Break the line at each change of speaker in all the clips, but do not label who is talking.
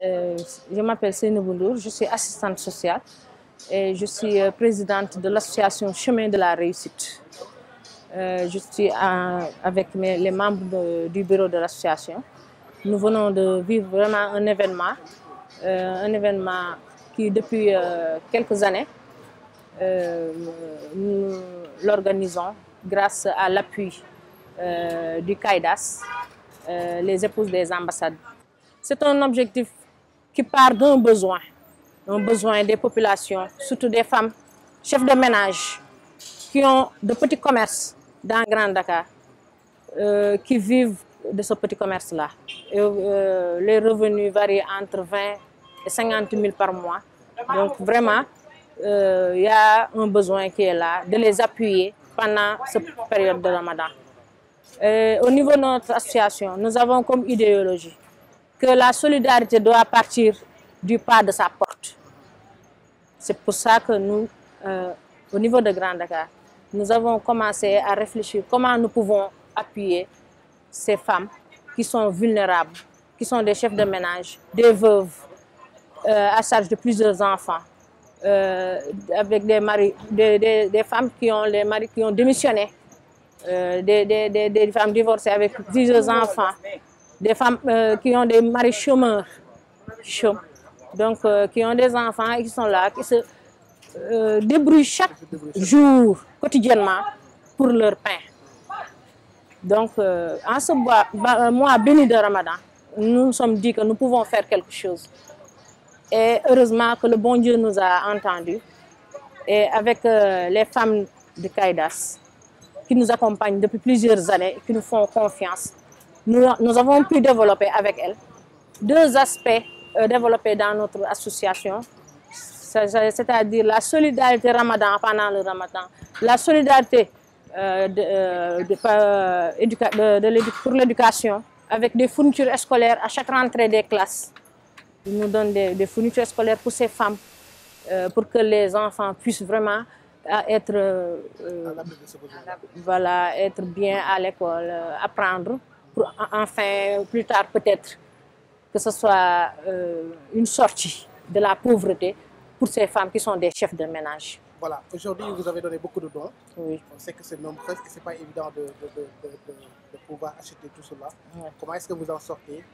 Euh, je m'appelle Céline je suis assistante sociale et je suis euh, présidente de l'association Chemin de la Réussite. Euh, je suis avec les membres du bureau de l'association. Nous venons de vivre vraiment un événement, un événement qui depuis quelques années, nous l'organisons grâce à l'appui du CAIDAS, les épouses des ambassades. C'est un objectif qui part d'un besoin, un besoin des populations, surtout des femmes chefs de ménage qui ont de petits commerces dans Grand Dakar, euh, qui vivent de ce petit commerce-là. Euh, les revenus varient entre 20 et 50 000 par mois. Donc vraiment, il euh, y a un besoin qui est là de les appuyer pendant cette période de Ramadan. au niveau de notre association, nous avons comme idéologie que la solidarité doit partir du pas de sa porte. C'est pour ça que nous, euh, au niveau de Grand Dakar, nous avons commencé à réfléchir comment nous pouvons appuyer ces femmes qui sont vulnérables, qui sont des chefs de ménage, des veuves euh, à charge de plusieurs enfants, euh, avec des, des, femmes qui ont, les maris qui ont démissionné, des, des femmes divorcées avec plusieurs enfants des femmes euh, qui ont des maris chômeurs, donc euh, qui ont des enfants et qui sont là, qui se euh, débrouillent chaque jour, quotidiennement, pour leur pain. Donc, en ce mois béni de Ramadan, nous nous sommes dit que nous pouvons faire quelque chose. Et heureusement que le bon Dieu nous a entendus. Et avec les femmes de Kaidas qui nous accompagnent depuis plusieurs années qui nous font confiance, nous, avons pu développer avec elle deux aspects euh, développés dans notre association, c'est-à-dire la solidarité ramadan pendant le ramadan, la solidarité euh, euh, pour l'éducation avec des fournitures scolaires à chaque rentrée des classes. Ils nous donnent des, fournitures scolaires pour ces femmes, pour que les enfants puissent vraiment être, voilà, être bien à l'école, apprendre pour enfin, plus tard peut-être, que ce soit euh, une sortie de la pauvreté pour ces femmes qui sont des chefs de ménage. Voilà, aujourd'hui vous avez donné beaucoup de dons. Oui. On sait que c'est nombreux et ce n'est pas évident de, pouvoir acheter tout cela. Comment est-ce que vous en sortez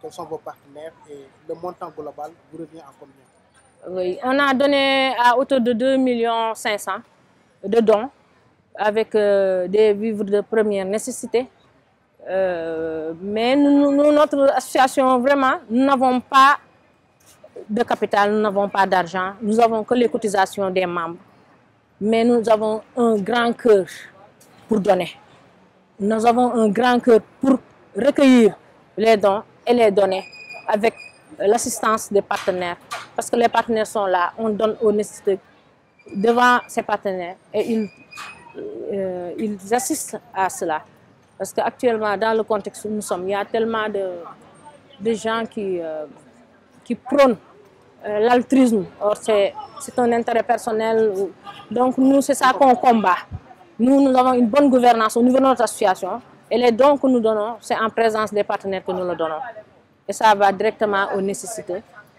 Quels sont vos partenaires et le montant global vous revient à combien oui, on a donné à hauteur de 2 500 de dons avec euh, des vivres de première nécessité, euh, mais nous, notre association, vraiment, nous n'avons pas de capital, nous n'avons pas d'argent, nous avons que les cotisations des membres. Mais nous avons un grand cœur pour donner. Nous avons un grand cœur pour recueillir les dons et les donner avec l'assistance des partenaires. Parce que les partenaires sont là, on donne au devant ces partenaires et ils euh, assistent à cela. Parce qu'actuellement, dans le contexte où nous sommes, il y a tellement de, gens qui, euh, qui prônent euh, l'altruisme. Or, c'est un intérêt personnel. Donc, nous, c'est ça qu'on combat. Nous, nous avons une bonne gouvernance au niveau de notre association. Et les dons que nous donnons, c'est en présence des partenaires que nous le donnons. Et ça va directement aux nécessités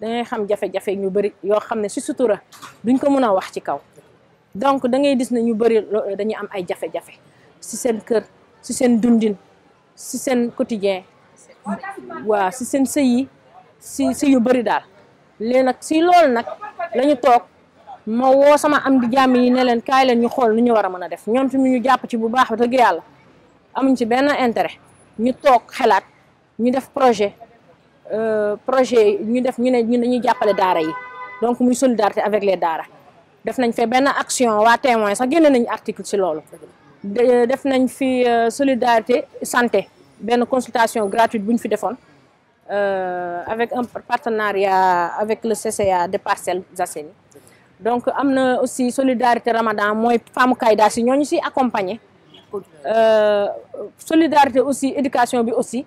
da ngay xam jafe-jafe ñu bari yo xamné ne sutura duñ ko mëna wax ci kaw donc da ngay gis ne ñu bari dañuy am ay jafe-jafe ci seen kër si seen dundin ci seen quotidien wa ci seen sey ci ci yu bari dal lé nak ci lool nak lañu tok ma wo sama am di jami yi ne leen kaay leen ñu xol ñu wara mëna def ñom tamit ñu japp ci bu baax dëgg yalla amuñ ci ben intérêt ñu tok xelaat ñu def projet Euh, projet ñu def ñu ne ñu dañuy jàppale daara yi donc muy solidarité avec les daara def nañ fi benn action waa témoin sax génne nañu article si loolu def nañ fi euh, solidarité santé benn consultation gratuite bu ñu fi defoon euh, avec un partenariat avec le CCA de parcelle Assainies donc am na aussi solidarité Ramadan mooy femme Kayda si ñooñu si accompagner solidarité aussi éducation bi aussi